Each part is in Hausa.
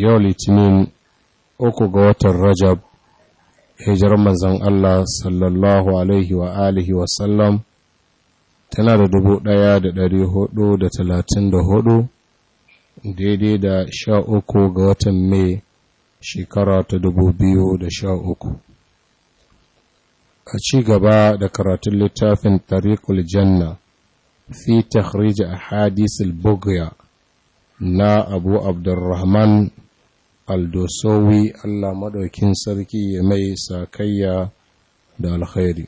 yau litinin uku ga watan rajab hijirar manzan Allah sallallahu alaihi wa alihi wasallam tana da dubu ɗaya da dari hudu da talatin da hudu daidai da sha uku ga watan mai shekara ta dubu biyu da sha uku a ci gaba da karatun littafin tarikul janna fi takhrij ahadith bugya na abu abdurrahman aldosowi Allah maɗaukin sarki ya mai sakayya da alkhairi.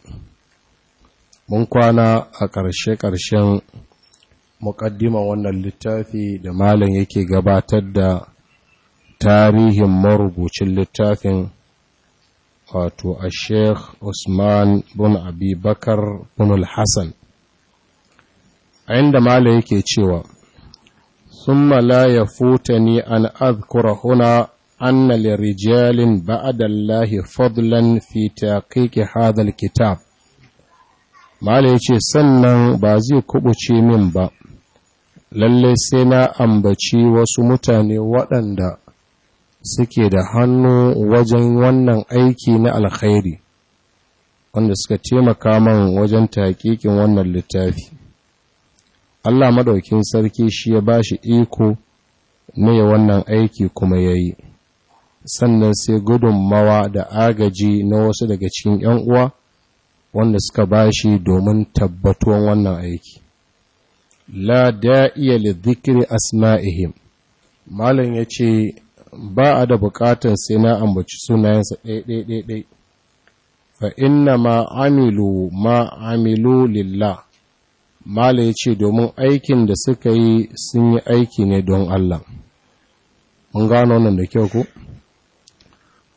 Mun kwana a ƙarshe-ƙarshen muƙaddima wannan littafi da malam yake gabatar da tarihin marubucin littafin wato a Sheikh Usman bin Abi Bakar bin Hassan. A inda malam yake cewa, ثم لا يفوتني أن أذكر هنا أن لرجال بعد الله فضلا في تحقيق هذا الكتاب malai ce sannan ba zai kubuce min ba lalle sai na ambaci wasu mutane waɗanda suke da hannu wajen wannan aiki na alkhairi wanda suka taimaka man wajen taƙiƙin wannan littafi Allah maɗaukin sarki shi ya ba shi iko na ya wannan aiki kuma ya yi sannan sai gudunmawa da agaji na wasu daga cikin 'yan uwa wanda suka ba shi domin tabbatuwan wannan aiki la da'iya li dhikri asma'ihim malam ce ba a da bukatan sai na ambaci sunayensa ɗaiɗaiɗaiɗai fa na ma amilu ma lillah mala ya ce domin aikin da suka yi sun yi aiki ne don Allah mun gano nan da kyau ku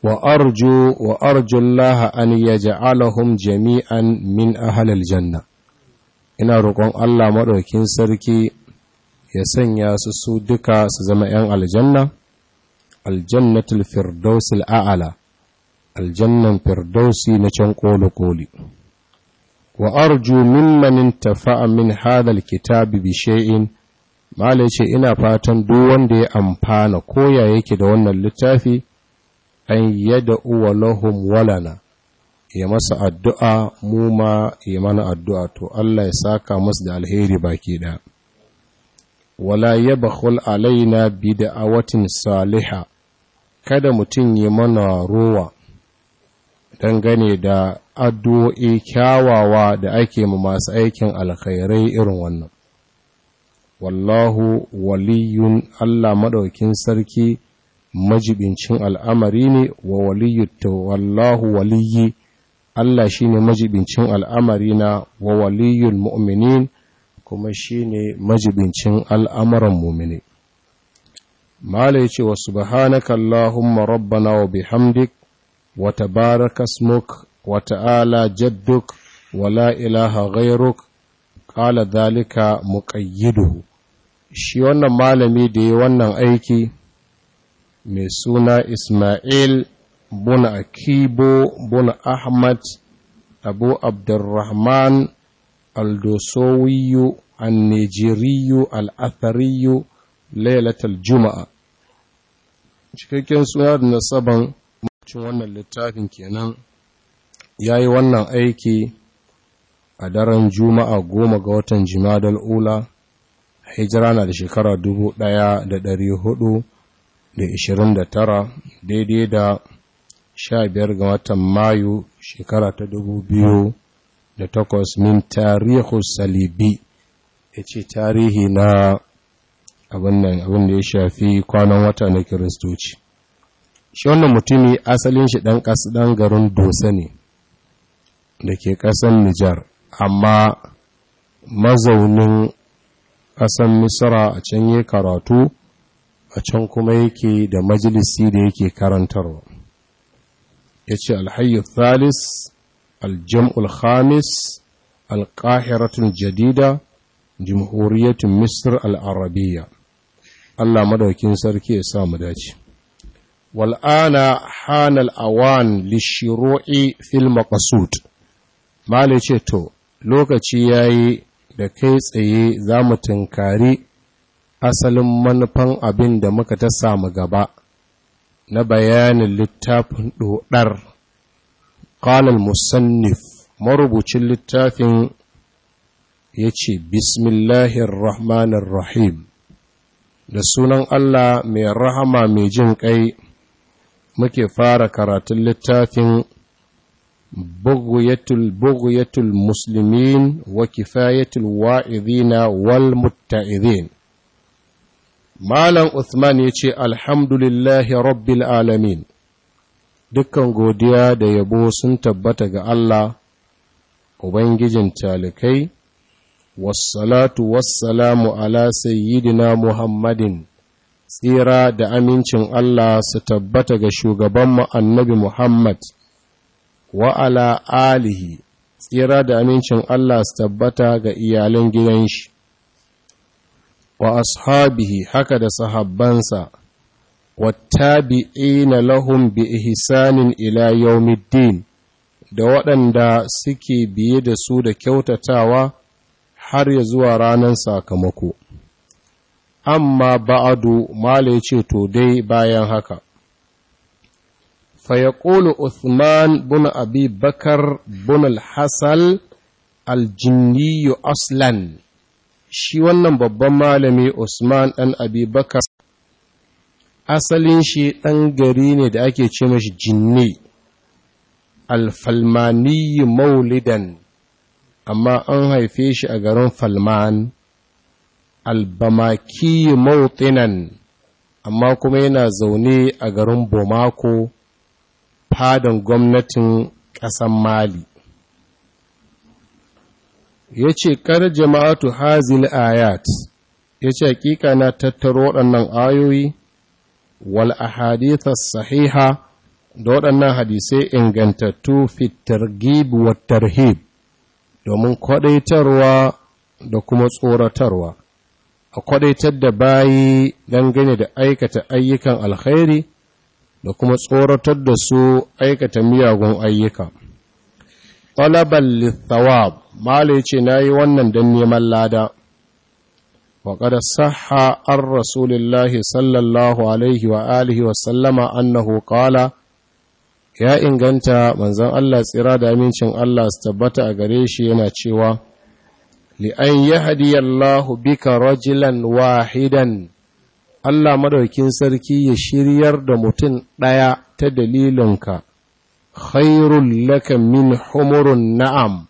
wa arju wa arjullaha an yaj'alahum jami'an min ahlil janna ina roƙon Allah maɗaukin sarki ya sanya su su duka su zama 'yan aljanna aljannatul firdausil a'ala aljannan firdausi na can koli-koli وأرجو ممن انتفع من هذا الكتاب بشيء ما ليش إنا فاتن دون دي أمبانا كويا يكي دون اللتافي أن يدعو لهم ولنا ya masa addu'a mu ma ya mana addu'a to Allah ya saka masu da alheri baki ɗaya. Wala ya bakul alaina bi da awatin saliha, kada mutum yi mana rowa dangane da addu'o'i kyawawa da ake mu masu aikin alkhairai irin wannan wallahu waliyun Allah maɗaukin sarki majibincin al'amari ne wa waliyuta wallahu waliyi Allah shi ne majibincin al'amari na wa waliyun mu'minin kuma shi ne majibincin al'amuran mu'mini. Mala ce wa subhanaka rabbana wa bihamdik wa baraka smuk وتعالى جدك ولا إله غيرك قال ذلك مقيده shi wannan malami da yi wannan aiki mai suna Ismail bun Akibo bun Ahmad Abu Abdurrahman Aldosowiyu Annejiriyu Al'athariyu Lailatul Juma'a cikakken suna da nasaban cin wannan littafin kenan ya yi wannan aiki a daren juma'a goma ga watan jimadal ula hijira na da shekara 1429 daidai da 15 ga watan mayu shekara ta 2008 min tarihu salibi ya ce tarihi na abin da ya shafi kwanan wata na kiristoci shi wannan mutumi asalin shi ɗan ƙasa ɗan garin dosa ne da ke ƙasar Nijar, amma mazaunin ƙasar Misra a can yi karatu, a can kuma yake da majalisi da yake karantarwa. Ya ce alhayyar thalis, aljam'ul khamis, alƙahiratun jadida, jimhuriyatun Misr al'arabiya. Allah madaukin sarki ya sa dace. Wal'ana hanal awan lishiro'i fil maqasud. mali ce to lokaci ya yi da kai tsaye za mu tunkari asalin manufan abin da muka ta samu gaba na bayanin littafin ɗoɗar ƙalal musannif marubucin littafin ya ce bismillahirrahmanirrahim da sunan Allah mai rahama mai jin ƙai muke fara karatun littafin bughyatul bughyatul muslimin wa kifayatul wa'idhina wal mutta'idhin Malam Uthman ya ce lillahi rabbil alamin dukkan godiya da yabo sun tabbata ga Allah ubangijin talikai wassalatu wassalamu ala sayyidina Muhammadin tsira da amincin Allah su tabbata ga shugaban annabi Muhammad wa ala alihi tsira da amincin Allah su tabbata ga iyalan gidan shi wa ashabihi haka da sahabbansa tabi'ina lahum bi ihsanin ila yawmiddin da waɗanda suke biye da su da kyautatawa har ya zuwa ranar sakamako amma ba'adu mala ce to dai bayan haka فيقول عثمان بن أبي بكر بن الحسن الجني أصلا shi wannan babban malami Usman ɗan Abibakar asalin shi ɗan gari ne da ake ce mashi jinni alfalmaniyi maulidan amma an haife shi a garin falman albamakiyi mautinan amma kuma yana zaune a garin Bumako. fadan gwamnatin ƙasan mali ya ce kar jama'atu hazil ayat ya ce ƙiƙa na tattaro waɗannan ayoyi wal ahadithas sahiha da waɗannan hadisai ingantattu fitar gibu wa tarhib domin kwaɗaitarwa da kuma tsoratarwa a kwaɗaitar da bayi dangane da aikata ayyukan alkhairi da kuma tsoratar da su aikata miyagun ayyuka. Ƙwalabar Lithawab, Mala ce na yi wannan don neman lada, wa ƙada saha an sallallahu Alaihi wa alihi wa sallama annahu ƙala, ya inganta manzan Allah tsira da amincin Allah su tabbata a gare shi yana cewa, Li'an Allah bika rajilan wahidan. Allah madaukin sarki ya shiryar da mutum ɗaya ta dalilinka, khairun laka min humurun na'am,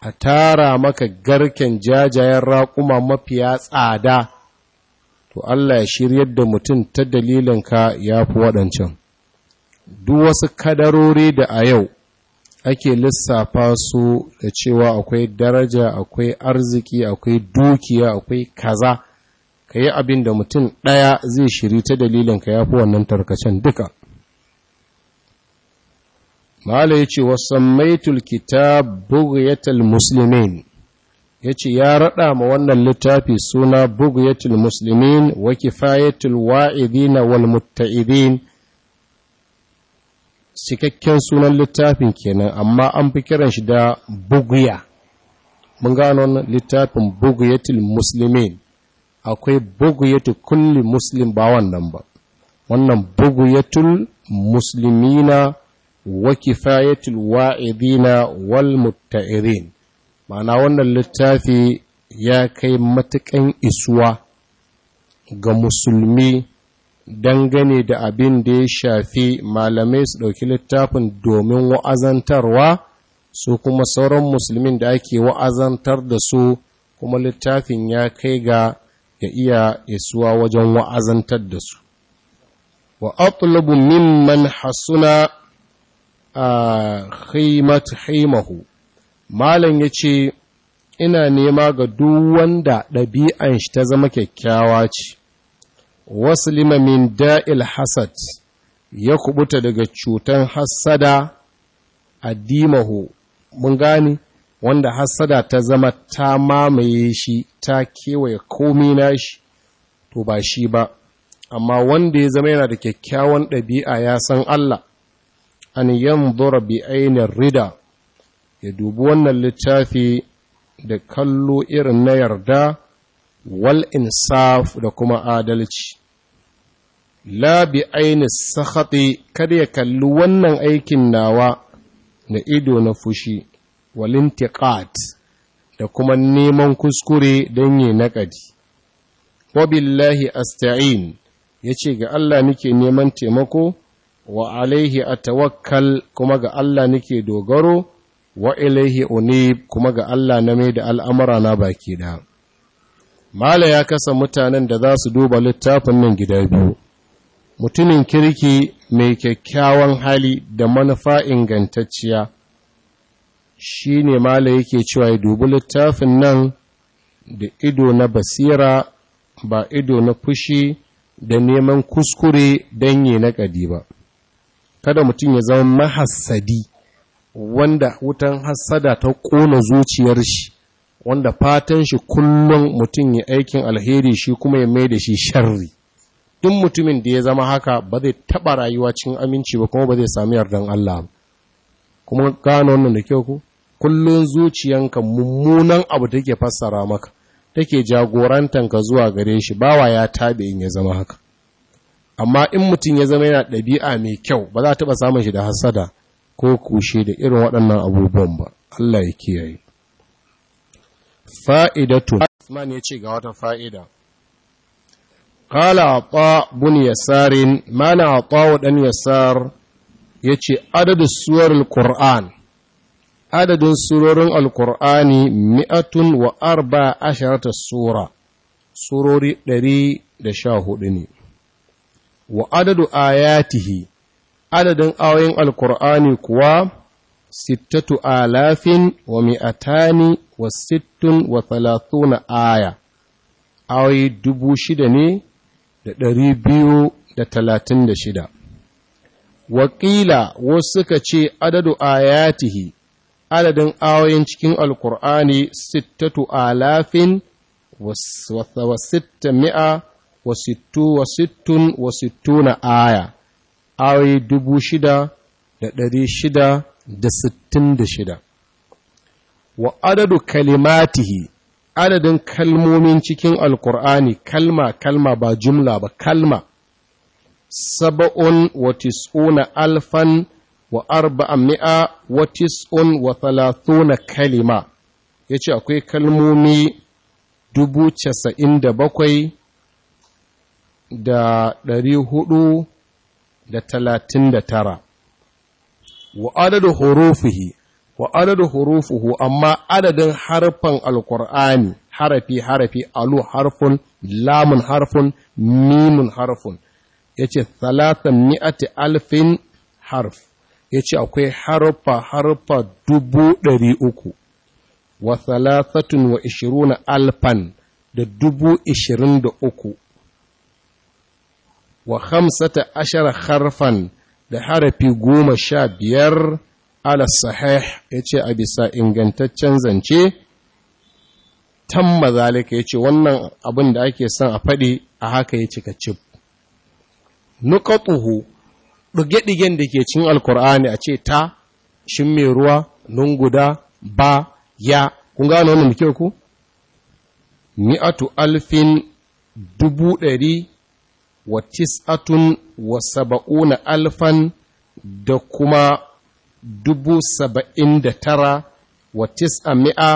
a tara maka garken jajayen raƙuma mafiya tsada, to Allah ya shiryar da mutum ta dalilinka ya fi waɗancan. Duk wasu kadarori da a yau ake lissafa su da cewa akwai daraja, akwai arziki, akwai dukiya, akwai kaza. ka yi abin da mutum ɗaya zai shiri ta dalilinka ya fi wannan tarkacen duka Mala ya ce, Wasammaitul kitab bugiyatul musulmin, ya ce, Ya raɗa ma wannan littafi suna bugiyatul musulmin wa kifayatul wa'idina wal mutta'idin, cikakken sunan littafin kenan, amma an fi kiran shi da bugiya. Mun gano littafin bugiyatul musulmin, akwai buguyatu kulli muslim ba wannan ba wannan buguyatul muslimina wa kifayatul wa'idina wal mutta'irin ma'ana wannan littafi ya kai matukan isuwa ga musulmi dangane da abin da ya shafi malamai su ɗauki littafin domin wa'azantarwa su kuma sauran musulmin da ake wa'azantar da su kuma littafin ya kai ga ya iya isuwa wajen wa'azantar da su wa min mimman hasuna a haimat haimahu malam ce, ina nema ga duk wanda ɗabi'an shi ta zama kyakkyawa ce wasu limamin da'il hasad ya kubuta daga cutan hassada a dimahu mun gani. wanda hassada ta zama ta mamaye shi ta kewaye komi na shi to ba shi ba amma wanda ya zama yana da kyakkyawan ɗabi'a ya san Allah an zura bi ainihin rida ya dubi wannan littafi da kallo irin na yarda wal insaf da kuma adalci la bi aini sakhati kada ya kalli wannan aikin nawa da ido na fushi walintiqat da kuma neman kuskure don yi naƙadi. Wabillahi asta'in ya ce ga Allah nake neman taimako, wa alaihi a tawakkal kuma ga Allah nake dogaro, wa ilaihi unib kuma ga Allah na mai da al'amura na baki da. Mala ya kasa mutanen da za su duba littafin nan gida biyu, mutumin kirki mai kyakkyawan hali da manufa ingantacciya. shi ne mala yake cewa ya dubi littafin nan da ido na basira ba ido na fushi da neman kuskure danye na ƙadi ba kada mutum ya zama mahassadi wanda wutan hassada ta ƙona zuciyar shi wanda fatan shi kullum mutum ya aikin alheri shi kuma ya mai da shi sharri duk mutumin da ya zama haka ba zai taɓa rayuwa cikin aminci ba kuma ba zai sami yardan Allah ba kuma gano wannan da kyau ku Kullum zuciyanka mummunan abu take fassara maka take jagorantanka zuwa gare shi bawa ya tabe in ya zama haka amma in mutum ya zama yana ɗabi'a mai kyau ba za ta taɓa samun shi da hasada ko kushe da irin waɗannan abubuwan ba Allah ya kiyaye fa'idatu Usman ya ce ga wata fa'ida qala ata bun yasarin mana ata dan yasar yace adadu suwar alquran adadin surorin alkur'ani mi'atun wa arba asharata sura surori ɗari da sha hudu ne wa adadu ayatihi adadin ayoyin alkur'ani kuwa sittatu alafin wa mi'atani wa sittun wa thalathuna aya ayoyi dubu shida ne da ɗari biyu da talatin da shida wakila wasu suka ce adadu ayatihi adadin ayoyin cikin alkur'ani sittatu alafin wa sitta mi'a aya ayoyi dubu shida da ɗari shida da sittin da shida wa adadu kalimatihi adadin kalmomin cikin alkur'ani kalma kalma ba jumla ba kalma saba'un wa tis'una alfan wa arba'ami'a wa kalima ya ce akwai kalmomi dubu casa'in da bakwai da ɗari hudu da talatin da tara wa adadu hurufihi wa adadu amma adadin harfan alkur'ani harafi harafi alu harfun lamun harfun mimun harfun ya ce talatan mi'ati alfin ya ce akwai harfa-harfa dubu ɗari uku wa thalathatun wa ishiruna alfan da dubu ishirin da uku wa hamsata ashara harfan da harafi goma sha biyar ala sahih ya ce a bisa ingantaccen zance tan mazalika ya ce wannan abin da ake son a faɗi a haka ya cika cif nukatuhu ɗige-ɗigen da ke cin alkur'ani a ce ta shin mai ruwa nun guda ba ya kun gano wannan da kyau ku mi'atu alfin dubu ɗari wa tis'atun wa saba'una alfan da kuma dubu saba'in da tara wa tis'a mi'a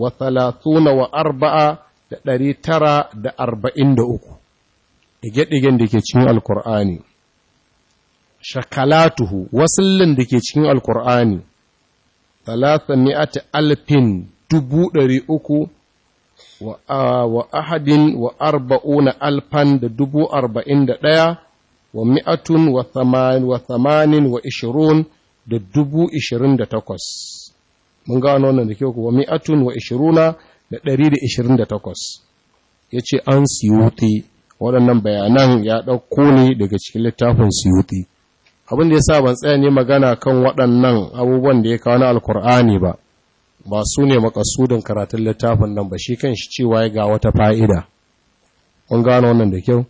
wa talatuna wa arba'a da ɗari tara da arba'in da uku ɗige-ɗigen da ke cin alkur'ani shakalatuhu wasallin da ke cikin alkur'ani talatami'ati alfin dubu ɗari uku wa ahadin wa arba'una alfan da dubu arba'in da ɗaya wa mi'atun wa thamanin wa ishirun da dubu ishirin da takwas mun gano wannan da ke wa mi'atun wa ishiruna da ɗari da ishirin da takwas ya ce an siyuti waɗannan bayanan ya ɗauko ne daga cikin littafin siyuti abin da ya sa ban tsaya ne magana kan waɗannan abubuwan da ya kawo na alkur'ani ba ba su ne makasudin karatun littafin nan ba shi kan shi cewa ga wata fa'ida kun gano wannan da kyau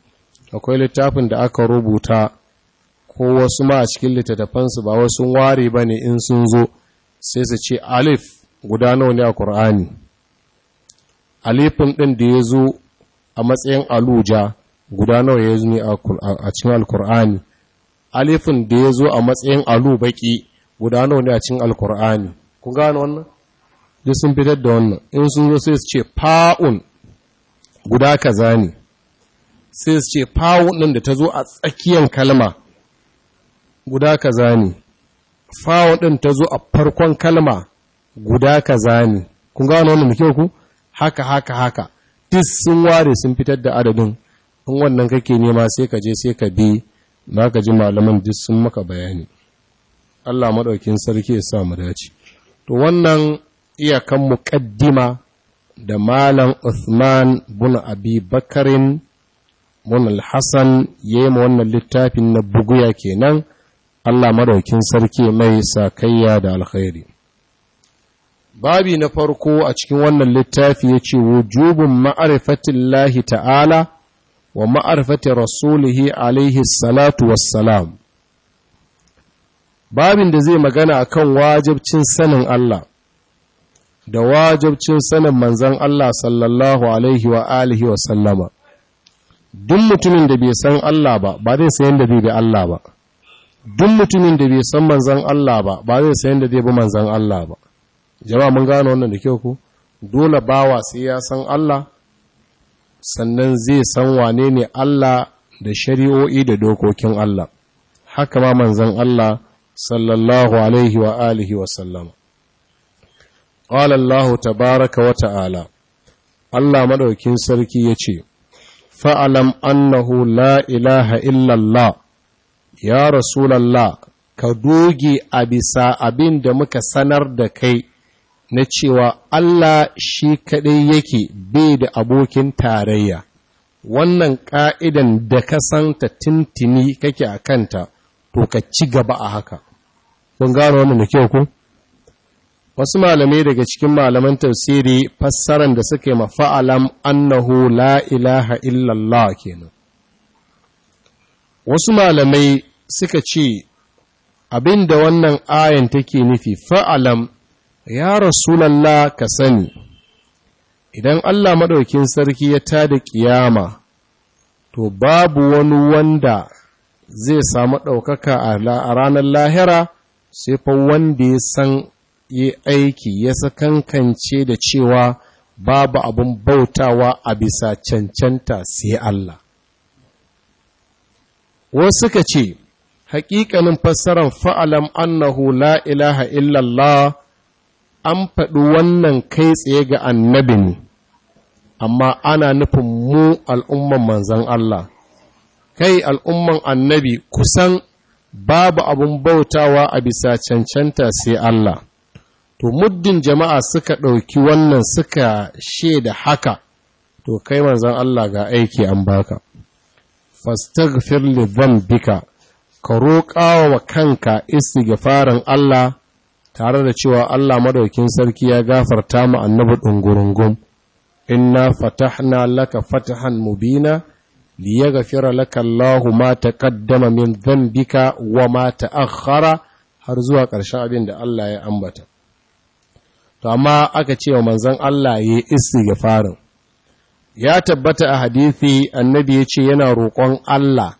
akwai littafin da aka rubuta ko wasu ma a cikin littattafansu ba wasu ware ba ne in sun zo sai su ce alif guda nawa ne a ƙur'ani alifin ɗin da ya zo a matsayin aluja guda nawa ya zo ne a cikin alkur'ani alifin da ya zo a matsayin alu baki guda nawa ne a cin alkur'ani ku gane wannan duk sun fitar da wannan in sun zo sai su ce fa'un guda kaza ne sai su ce fa'un din da ta zo a tsakiyar kalma guda kaza ne fa'un din ta zo a farkon kalma guda kaza ne ku gane wannan muke ku haka haka haka duk sun ware sun fitar da adadin in wannan kake nema sai ka je sai ka bi Na ka ji malaman duk sun maka bayani Allah maɗaukin sarki ya sa mu dace to wannan iyakan muƙaddima da malam Uthman bin Abi Bakarin bin Al-Hasan yayin wannan littafin na buguya kenan Allah maɗaukin sarki mai sakayya da alkhairi babi na farko a cikin wannan littafi yace ce wujubun ma'arifatillahi ta'ala wa ma'arfati rasulihi alaihi salatu wassalam babin da zai magana akan wajibcin sanin Allah da wajibcin sanin manzan Allah sallallahu alaihi wa alihi wa sallama duk mutumin da bai san Allah ba ba zai san yadda bai bi Allah ba duk mutumin da bai san manzan Allah ba ba zai san yadda zai bi manzan Allah ba jama'a mun gano wannan da kyau ku dole bawa sai ya san Allah sannan zai san wane ne Allah da shari'o'i da dokokin Allah haka ma manzon Allah sallallahu alaihi wa alihi wa sallama qala Allah tabaaraka wa ta'ala Allah madaukin sarki yace fa'alam annahu la ilaha illallah ya rasulallah ka doge a bisa abin da muka sanar da kai na cewa Allah shi kaɗai yake bai da abokin tarayya, wannan ƙa'idan da ka santa tintini kake a kanta, to ka ci gaba a haka. Kun gano wannan da kyau ku? Wasu malamai daga cikin malaman tafsiri fassaran da suka yi mafa'alam annahu la ilaha illallah kenan. Wasu malamai suka ce, abin da wannan ayan take nufi fa'alam ya rasulallah ka sani idan Allah maɗaukin sarki ya tada ƙiyama to babu wani wanda zai samu ɗaukaka a ranar lahira sai fa wanda ya san yi aiki ya sakankance da cewa babu abin bautawa a bisa cancanta sai Allah. Wasu ka ce, Hakikanin fassarar fa'alam annahu la ilaha illallah an faɗi wannan kai tsaye ga annabi ne amma ana nufin mu al'umman manzan Allah kai al'umman annabi kusan babu abun bautawa a bisa cancanta sai Allah to muddin jama'a suka ɗauki wannan suka shaida haka to kai manzan Allah ga aiki an baka fastaghfir li bika, ka roƙawa kanka istighfarin Allah tare da cewa Allah madaukin sarki ya gafarta mu annabi dungurungum inna fatahna laka fatahan mubina liyaghfira laka Allahu ma taqaddama min dhanbika wa ma ta'akhkhara har zuwa ƙarshen abin da Allah ya ambata to amma aka ce wa manzon Allah ya istighfarin ya tabbata a hadithi annabi ya ce yana roƙon Allah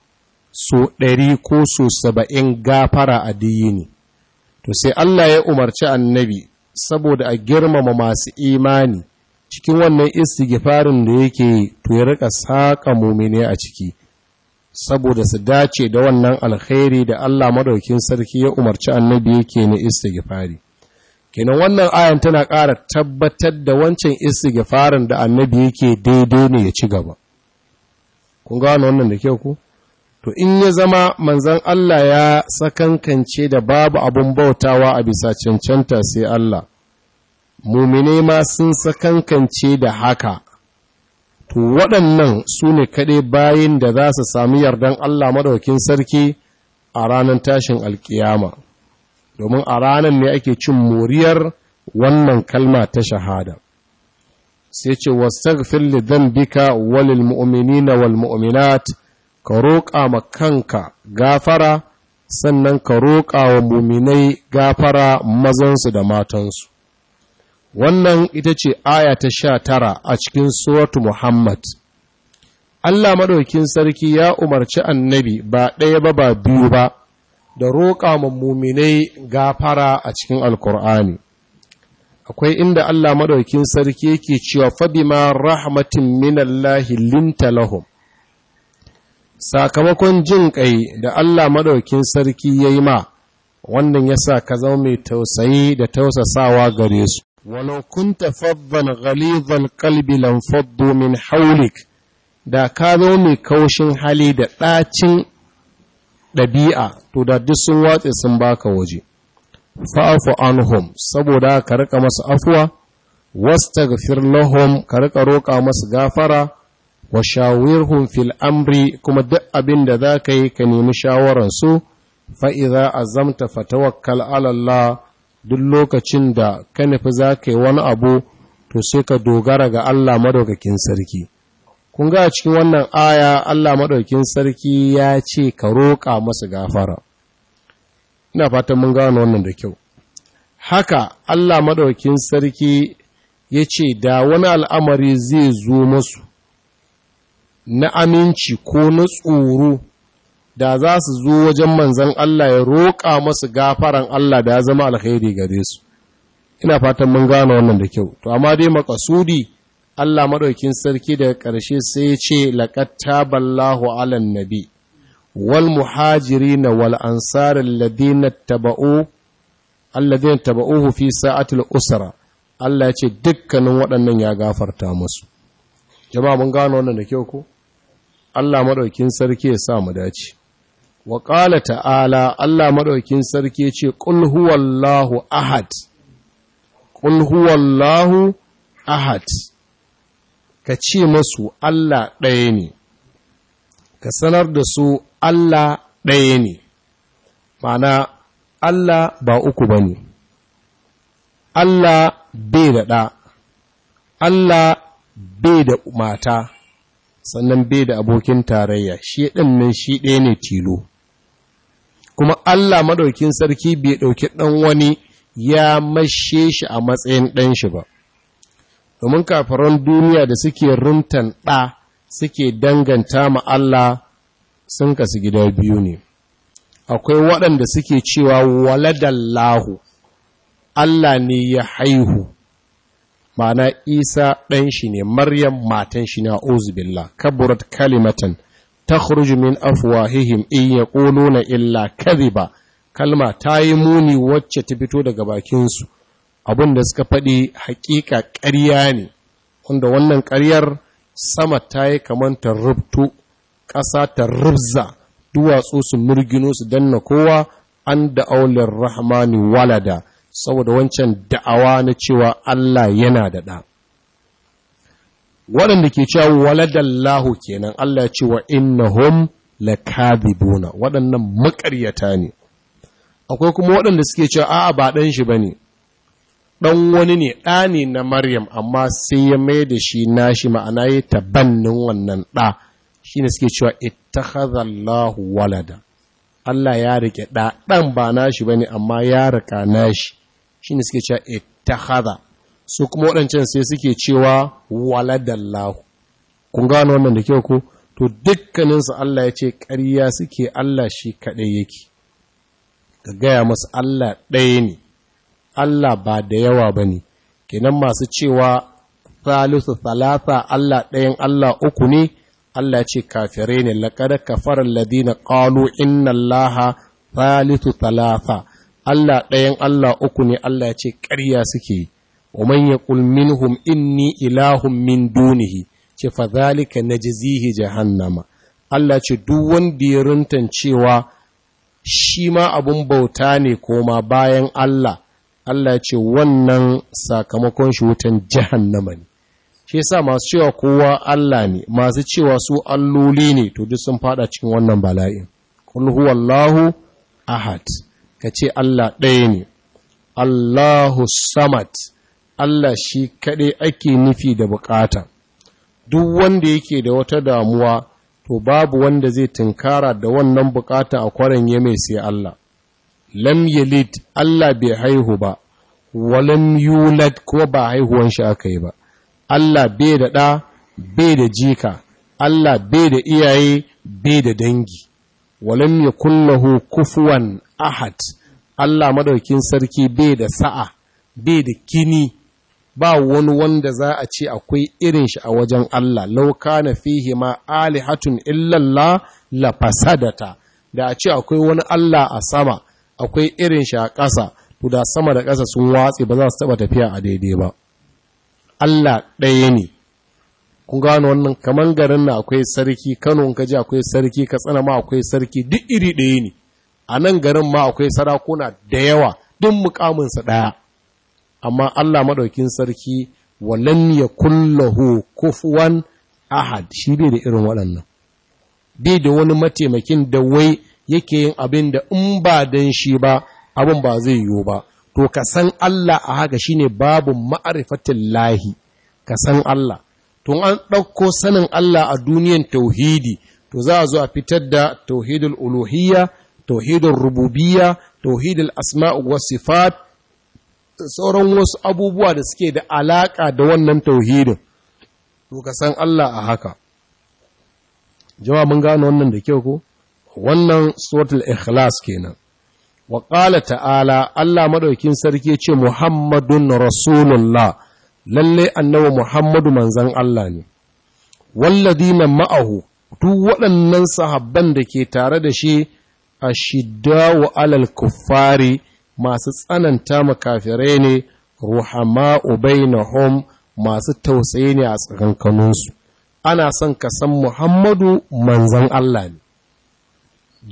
so ɗari ko so saba'in gafara a diyini to sai Allah ya umarci annabi saboda a girmama masu imani cikin wannan istighfarin da yake to ya rika saka mumine a ciki saboda su dace da wannan alkhairi da Allah madaukin sarki ya umarci annabi yake ne istighfari kenan wannan ayan tana ƙara tabbatar da wancan istighfarin da annabi yake daidai ne ya ci gaba kun gano wannan da kyau ku to in ya zama manzan Allah ya sakankance da babu abun bautawa a bisa cancanta sai Allah mumine ma sun sakankance da haka to waɗannan su ne kaɗai bayan da za su sami yardan Allah maɗaukin sarki a ranar tashin alkiyama domin a ranar ne ake cin moriyar wannan kalma ta shahada sai ce wasu tagfir lidan bika walil mu'minina wal mu'minat ka roƙa ma kanka gafara sannan ka roƙa wa muminai gafara mazansu da matansu wannan ita ce aya ta sha tara a cikin suratu muhammad allah maɗaukin sarki ya umarci annabi ba ɗaya ba ba biyu ba da roƙa ma muminai gafara a cikin alkur'ani akwai inda allah maɗaukin sarki yake cewa fabima rahmatin minallahi linta lahum sakamakon jin ƙai da Allah maɗaukin sarki ya yi ma wannan ya sa ka zama mai tausayi da tausasawa gare su walau kun faddan ghalizan qalbi lam faddu min haulik da ka zama mai kaushin hali da ɗacin ɗabi'a to da duk sun watse sun baka waje fa'afu anhum saboda ka rika masu afuwa wastaghfir lahum ka rika roƙa masu gafara wa shawirhum fil amri kuma duk abin da za ka yi ka nemi shawararsu fa'iza azamta fatawakkal alallah duk lokacin da ka nufi za ka yi wani abu to sai ka dogara ga Allah madaukakin sarki. Kun ga cikin wannan aya Allah madaukakin sarki ya ce ka roƙa masu gafara. Ina fatan mun gano wannan da kyau. Haka Allah madaukakin sarki ya ce da wani al'amari zai zo masu na aminci ko na tsoro da za su zo wajen manzan Allah ya roƙa masu gafaran Allah da ya zama alkhairi gare su ina fatan mun gano wannan da kyau to amma dai makasudi Allah maɗaukin sarki daga ƙarshe sai ya ce laƙatta ballahu 'alan nabi wal muhajiri na wal ansar alladhina tabau tabauhu fi sa'atul usra Allah ya ce dukkanin waɗannan ya gafarta masu. jama'a mun gano wannan da kyau ko Allah maɗaukin sarki ya sa mu dace wa ƙala ta'ala Allah maɗaukin sarki ce ƙul huwallahu ahad ƙul huwallahu ahad ka ce masu Allah ɗaya ne ka sanar da su Allah ɗaya ne mana Allah ba uku ba ne Allah bai da ɗa Allah bai da mata sannan bai da abokin tarayya shi ɗin nan shi ɗaya ne tilo kuma Allah maɗaukin sarki bai ɗauki ɗan wani ya mashe shi a matsayin ɗan shi ba domin kafaran duniya da suke runtan ɗa suke danganta ma Allah sun kasu gida biyu ne akwai waɗanda suke cewa waladallahu Allah ne ya haihu ma'ana isa ɗan shi ne maryam matan shi na uzubillah kaburat kalimatan ta min afwahihim in ya na illa kadhiba kalma ta yi muni wacce ta fito daga bakinsu abin suka faɗi hakika ƙarya ne wanda wannan ƙaryar sama ta yi ta rubtu ƙasa ta rubza duwatsu su murgino su danna kowa an da aulin rahmani walada saboda wancan da'awa na cewa Allah yana da ɗa waɗanda ke cewa waladallahu kenan Allah ya ce wa innahum lakadibuna waɗannan makaryata ne akwai kuma waɗanda suke cewa a'a ba ɗan shi bane ɗan wani ne ɗa ne na Maryam amma sai ya mai da shi nashi ma'ana ya tabannin wannan ɗa shi ne suke cewa ittakhadha walada Allah ya rike ɗa ɗan ba nashi bane amma ya rika nashi ne suke cewa ittakhadha su kuma waɗancan sai suke cewa waladallahu kun gano wannan da kyau ko to dukkaninsu Allah ya ce ƙarya suke Allah shi kaɗai yake ka gaya masu Allah ɗaya ne Allah ba da yawa ba ne kenan masu cewa salisu talata Allah ɗayan Allah uku ne Allah ce kafirai ne laƙada kafarar ladina ƙalu inna Allah salisu talata Allah ɗayan Allah uku ne Allah ya ce ƙarya suke yi. man yaqul minhum inni ilahun min dunihi ce fa zalika najzihi jahannama Allah ce duk wanda ya runtan cewa shi ma abun bauta ne koma bayan Allah Allah ce wannan sakamakon shi wutan jahannama ne shi sa masu cewa kowa Allah ne masu cewa su alloli ne to duk sun fada cikin wannan bala'in qul Allahu, ahad ka ce Allah ɗaya ne Allahu samad Allah shi kaɗai ake nufi da bukata duk wanda yake da wata damuwa to babu wanda zai tunkara da wannan bukata a kwaran ya mai sai Allah lam yalid Allah bai haihu ba walam yulad ko ba haihuwan shi aka yi ba Allah bai da ɗa bai da jika Allah bai da iyaye bai da dangi walam ya kulla kufuwan ahad Allah madaukin sarki bai da sa'a bai da kini ba wani wanda za a ce akwai irin shi a wajen Allah lauka na fihi ma alihatun illallah la fasadata da a ce akwai wani Allah a sama akwai irin shi a ƙasa to da sama da ƙasa sun watse ba za su taba tafiya a daidai ba Allah ɗaya ne kun gano wannan kaman garin na akwai sarki Kano in ka ji akwai sarki ka Katsina ma akwai sarki duk iri ɗaya ne a nan garin ma akwai sarakuna da yawa duk mukaminsa ɗaya amma Allah maɗaukin sarki walan ya kullahu kufuwan ahad shi bai da irin waɗannan bai da wani mataimakin da wai yake yin abin da in ba dan shi ba abin ba zai yiwu ba to ka san Allah a haka shine babu ma'arifatin lahi ka san Allah To an ɗauko sanin Allah a duniyan tauhidi to za a zo a fitar da tauhidul uluhiyya tauhidin rububiyya tauhidin asma'u والصفات sauran wasu abubuwa da suke da alaƙa da wannan tauhidin to ka san Allah a haka jama'a mun gano wannan da kyau ko wannan suratul ikhlas kenan wa qala ta'ala Allah madaukin sarki yace ce muhammadun rasulullah lalle annabi muhammadu manzon Allah ne walladina ma'ahu duk waɗannan sahabban da ke tare da shi ashiddawu alal kuffari masu tsananta makafirai ne ubaina hom masu tausayi ne a tsakankaninsu ana son ka san Muhammadu manzan Allah ne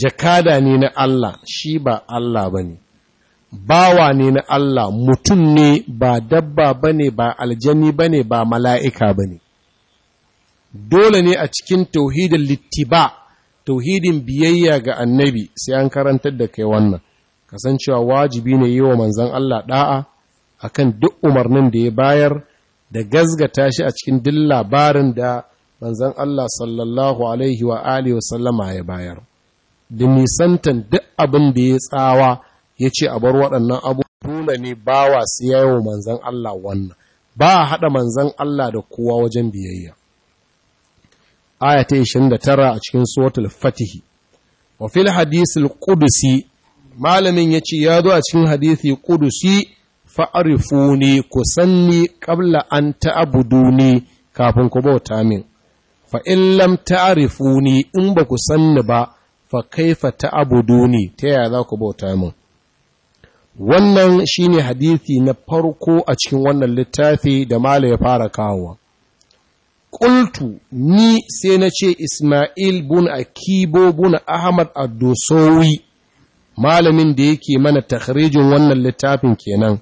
jakada ne na Allah shi ba Allah ba ne, bawa ne na Allah mutum ne ba dabba bane ba aljani bane ba mala'ika bane dole ne a cikin tauhidin littiba tauhidin biyayya ga annabi sai an karantar da kai wannan kasancewa wajibi ne yi wa manzan Allah ɗa'a a kan duk umarnin da ya bayar da gazgata shi a cikin duk labarin da manzan Allah sallallahu alaihi wa alihi wasallama ya bayar da nisantan duk abin da ya tsawa ya ce a bar waɗannan abu dole ne bawa su wa manzan Allah wannan ba a haɗa manzan Allah da kowa wajen biyayya aya ta 29 a cikin suratul fatih wa fil hadisul qudusi malamin yace ya zo a cikin hadisi qudusi fa'arifuni ku sanni qabla an ta'buduni kafin ku bauta min fa in lam ta'rifuni in ba ku sanni ba fa kaifa ta'buduni ta yaya za ku bauta min wannan shine hadisi na farko a cikin wannan littafi da malam ya fara kawowa ƙultu ni sai na ce Ismail bun Akibo bun Ahmad Adosowi, malamin da yake mana takharijin wannan littafin kenan,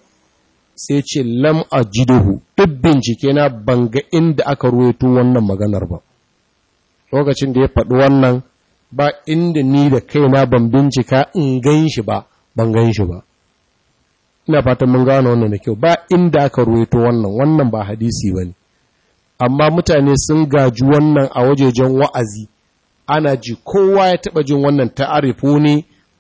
sai ce lam a jiduhu, duk bincike na banga inda aka ruwaito wannan maganar ba. Lokacin da ya faɗi wannan ba inda ni da kaina ban bincika in gan shi ba, ban gan shi ba. Ina fatan mun gano wannan da kyau, ba inda aka ruwaito wannan, wannan ba hadisi ba ne. amma mutane sun gaji wannan a wajejen wa'azi ana ji kowa ya taɓa jin wannan ta'arifu ne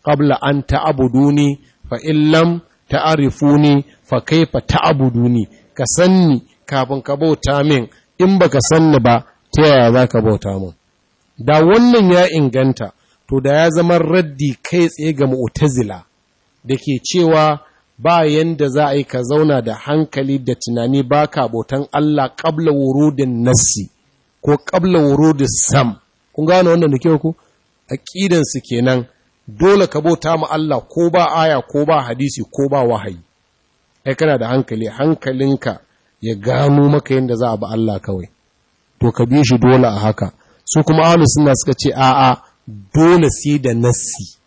ƙabla an ta'abudu ne fa illam ta'arifu ne fa kaifa ta'abudu ne ka sanni kafin ka bauta min in ba ka sanni ba ta yaya za ka bauta min da wannan ya inganta to da ya zama raddi kai tsaye ga mu'tazila da ke cewa ba yanda za a yi ka zauna da hankali da tunani ba ka botan Allah ƙabla wurudin nassi ko ƙabla wurudin sam kun gano wannan da kyau ku A aqidansu kenan dole ka bota mu Allah ko ba aya ko ba hadisi ko ba wahayi ai kana da hankali hankalinka ya gano maka yanda za a ba Allah kawai to ka bi shi dole a haka su kuma ahlus sunna suka ce a'a dole si da nasi.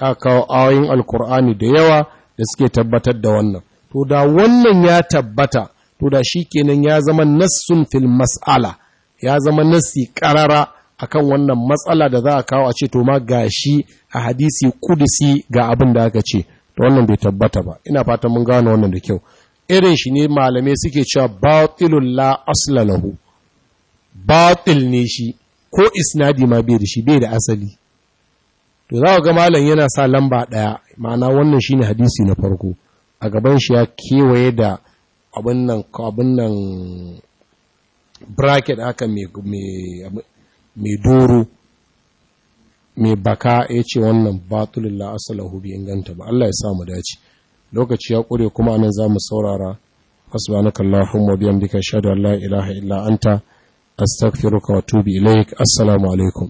A kawo ayoyin alkur'ani da yawa da suke tabbatar da wannan to da wannan ya tabbata to da shi kenan ya zama nassun fil mas'ala ya zama nassi karara akan wannan matsala da za a kawo a ce to ma gashi a hadisi kudusi ga abin da aka ce to wannan bai tabbata ba ina fatan mun gano wannan da kyau irin shi ne malamai suke cewa batilul la lahu batil ne shi ko isnadi ma bai da shi bai da asali to za ga malam yana sa lamba ɗaya ma'ana wannan shine hadisi na farko a gaban shi ya kewaye da abin nan abin nan bracket haka mai doro mai baka ya ce wannan batulun la'asalahu bi inganta ba Allah ya sa mu dace lokaci ya kure kuma nan za mu saurara asbanaka Allahumma biyamdika shahadu an la ilaha illa anta astaghfiruka wa atubu ilaik assalamu alaikum